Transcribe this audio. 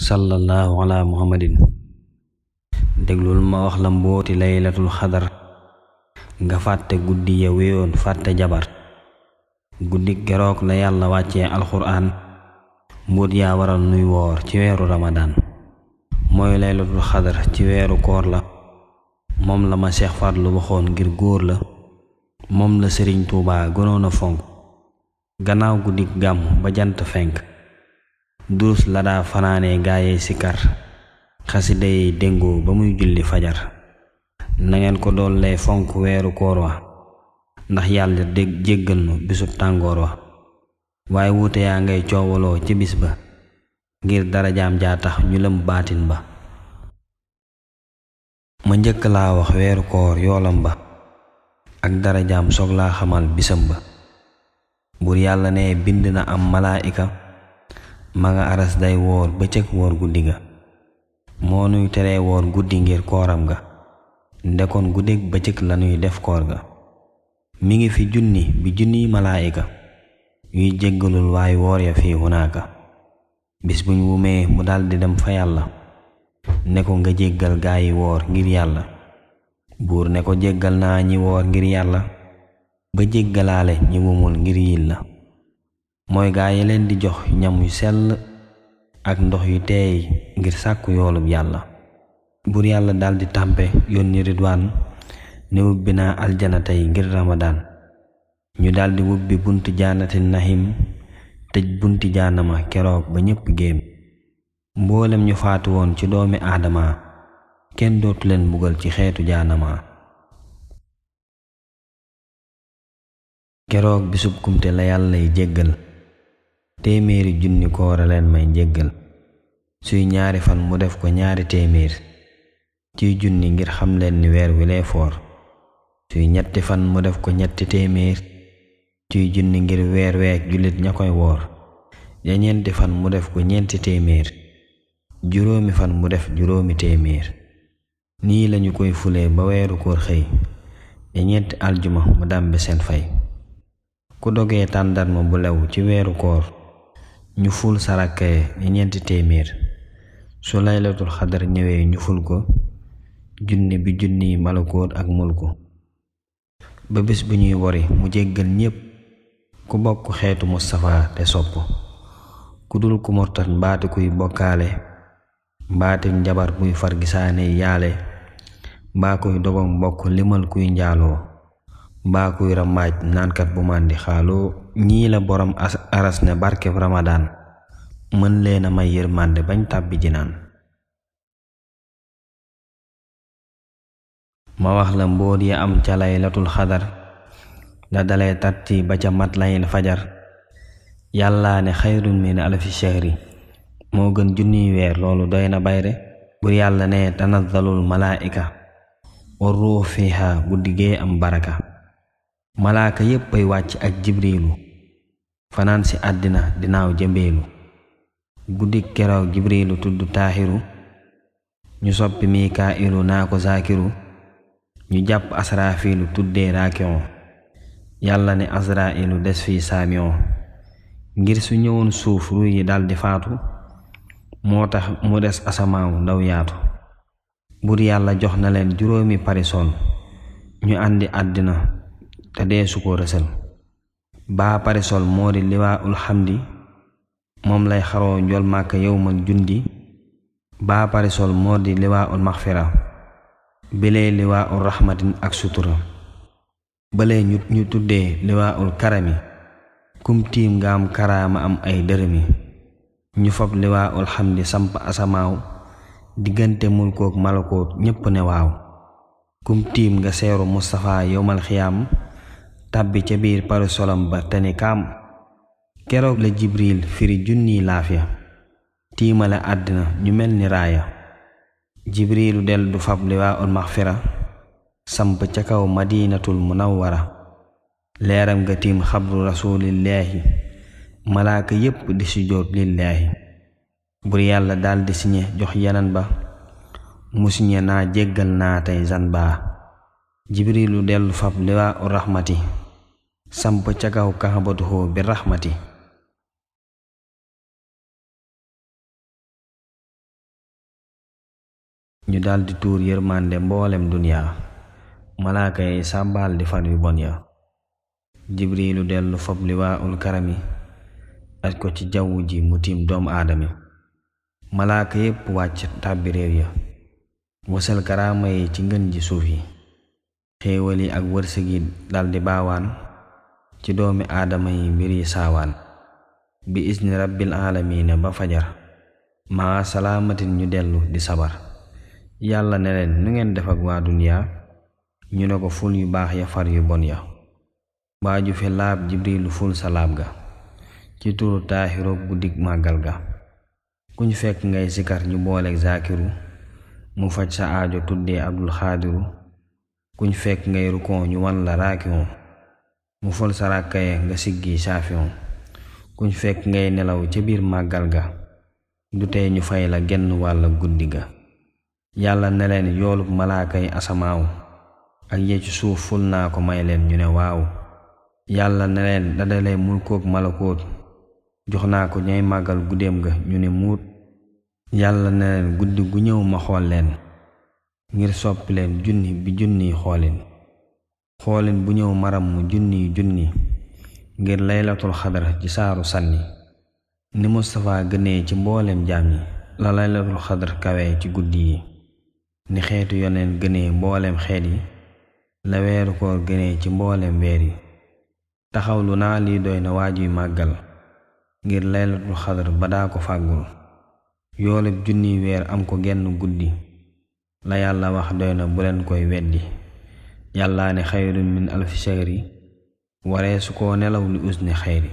sallallahu ala muhammadin déglul ma wax la mbooti laylatul xadar nga fàtte guddi ya wéyoon fàtte jabar guddi geroog la yàlla wàcce alxuraan mbóot yaa waral nuy woor ci weeru ramadaan mooy laylatul xadar ci weeru koor la moom la ma Seex Fadlu waxoon ngir góor la moom la Sëriñ Tuubaa gënoon a fonk gannaaw guddi gàmm ba jant fenk duus la daa fanaane gaayey sikar xasida yi déngoo ba muy julli fajar nangeen ko dool lay fonk weeru koor wa ndax yàlla dég jéggal nu bisub tàngoor wa waaye wuute yaa ngay coowaloo ci bis ba ngir darajaam jaa tax ñu lëm baatin ba ma njëkk laa wax weeru koor yoolam ba ak darajaam soog laa xamal bisam ba buur yàlla ne bind na am malaayika ma nga aras day woor bëccëg woor guddi ga moo nuy teree woor guddi ngir kooram ga ndekoon guddeeg bëccëg lanuy def koor ga mi ngi fi junni bi junniy malaayika yuy jéggalul waay woor ya fii hunaaka bis buñ wumee mu daldi dem fa yàlla ne ko nga jéggal gaayi woor ngir yàlla buur ne ko jéggal naa ñi woor ngir yàlla ba jéggalaale ñi wumul ngir yilla mooy gaa yi leen di jox ñam yu sell ak ndox yu teey ngir sàkk yoolub yàlla buur yàlla daldi tàmpe yónni ridwaan ne wubbi naa aljana tey ngir ramadaan ñu daldi bi buntu jaanati nahim tëj bunti jaanama keroog ba ñépp génn mboolem ñu faatu woon ci doomi aadama kenn dootu leen mbugal ci xeetu jaanama keroog bisub kumte la yàlla yi jéggal téeméeri junni koor a leen may njéggal suy ñaari fan mu def ko ñaari téeméer ciy junni ngir xam leen ni weer wi lee foor suy def ko ñetti téeméer ciy junni ngir weer week jullit ña koy woor ja ñeenti fan mu def ko ñeenti téeméer juróomi fan mu def juróomi téeméer nii lañu koy fulee ba weeru koor xëy ja ñeenti aljuma mu dàmbi seen fay ku dogee tàndarma bu lew ci weeru koor ñu ful saraka yi ñeenti téeméer su laylatul xadar ñëwee ñu ful ko junni bi junni malakoot ak mulku ba bés bu ñuy wori mu jéggal ñépp ku bokk xeetu Mustafa te sopp ku dul ku mortat kuy bokkaale mbaate jabar buy far gisaane yaale mbaa koy dogom mbokk limal kuy njaaloo mbaa kuy naankat bu màndi xaalu ñii la borom aras ne barkeb ramadaan mën leen a may yërmande bañ tàbbi naan ma wax la mbóot yi am ca laylatul xadar da dalay tarti ba ca mat layil fajar yàllaa ne xayrun min alfi shahri moo gën junniy weer loolu doy na bayre bu yàlla ne tanazalul malaa'ika wa ruux fiha bu diggee am baraka malaaka yépp wàcc ak jibriilu fanaan ci àddina dinaaw jëmbeelu guddi keroog jibriilu tudd taaxiru ñu soppi mikaa'ilu naa ko zaakiru ñu jàpp asraafiilu tuddee raakiyon yàlla ne asraa'ilu des fi saamiyon ngir su ñëwoon suuf ruy yi daldi faatu moo tax mu des asamaaw ndaw yaatu buur yàlla jox na leen juróomi parison ñu àndi àddina te deesu ko rësal baa pare moo di liwaa ul xamdi moom lay xaroo njool màkk yowmal jundi baa pare moo di liwaa ul maxfira bilee liwaa ul raxmatin ak sutura balee ñu ñu tuddee liwaa ul karami kum nga am karaama am ay dërëmi ñu fab liwaa ul xamdi samp asamaaw diggante mulkook malakoot ñépp ne waaw kum tiim nga seeru mustafaa yowmal xiyaam tàbbi ca biir parasolam ba te ne kaam keroog la jibril firi junniy laafiya tiimale àddina ñu mel ni raaya jibrilu del du fab liwaa ul maxfira samp ca kaw madinatul munawwara leeram nga tiim xabru rasuulillaahi malaaka yépp di sujjóot lillaahi bur yàlla daldi siñe jox yeneen ba mu siñe naa jéggal naa tey zan baa dellu fab liwaa ul raxmati samp ca kaw kaxabatuhu bi raxmati ñu daldi tuur yërmande mboolem duniyaa malaaka yi sàbbaal di fan yu bon ya jibriilu dellu fob liwaaul karami aj ko ci jawwu ji mu tiim doomu aadami malaaka yépp wàcc tàbbi réew ya wasal karaama yi ci ngën ji suuf yi xéewal yi ak wërsëg yi daldi baawaan ci doomi aadama yi mbiri saawaan bi isni rabbil aalamiina ba fajar maa salaamatin ñu dellu di sabar yàlla ne leen nu ngeen def ak waa duniyaa ñu ne ko ful yu baax ya far yu bon ya waaju fi laab jibrilu ful sa ga ci turu taaxiru guddig màggal ga kuñ fekk ngay sikar ñu booleek zaakiru mu faj sa aajo tuddee abdul xaadiru kuñ fekk ngay rukon ñu wan la raakion mu fol sarakaya nga siggi saafiyon kuñ fekk ngay nelaw ca biir màggal ga du tey ñu fay la genn wàll guddi ga yàlla ne leen yoolub malaakay asamaaw ak yee ci suuf ful naa ko may leen ñu ne waaw yàlla ne leen dadalee mulkook malakoot jox naa ko ñay màggal guddeem ga ñu ne muut yàlla ne leen guddi gu ñëw ma xool leen ngir soppi leen junni bi junniy xoolin xoolin bu ñëw maram mu junni junni ngir laylatul xadar ci saaru sanni ni Mustapha gënee ci mbooleem jaam yi la laylatul xadar ci guddi yi ni xeetu yoneen gënee mbooleem xeet yi la weeru koor gënee ci mbooleem weer yi taxawlu naa lii doy na waajuy màggal ngir laylatul xadar ba daa ko fàggul yoolub junniy weer am ko genn guddi la yàlla wax doy na koy weddi yàllaa ne xayrun min alfi shahri waree su koo nelaw li us usni xayri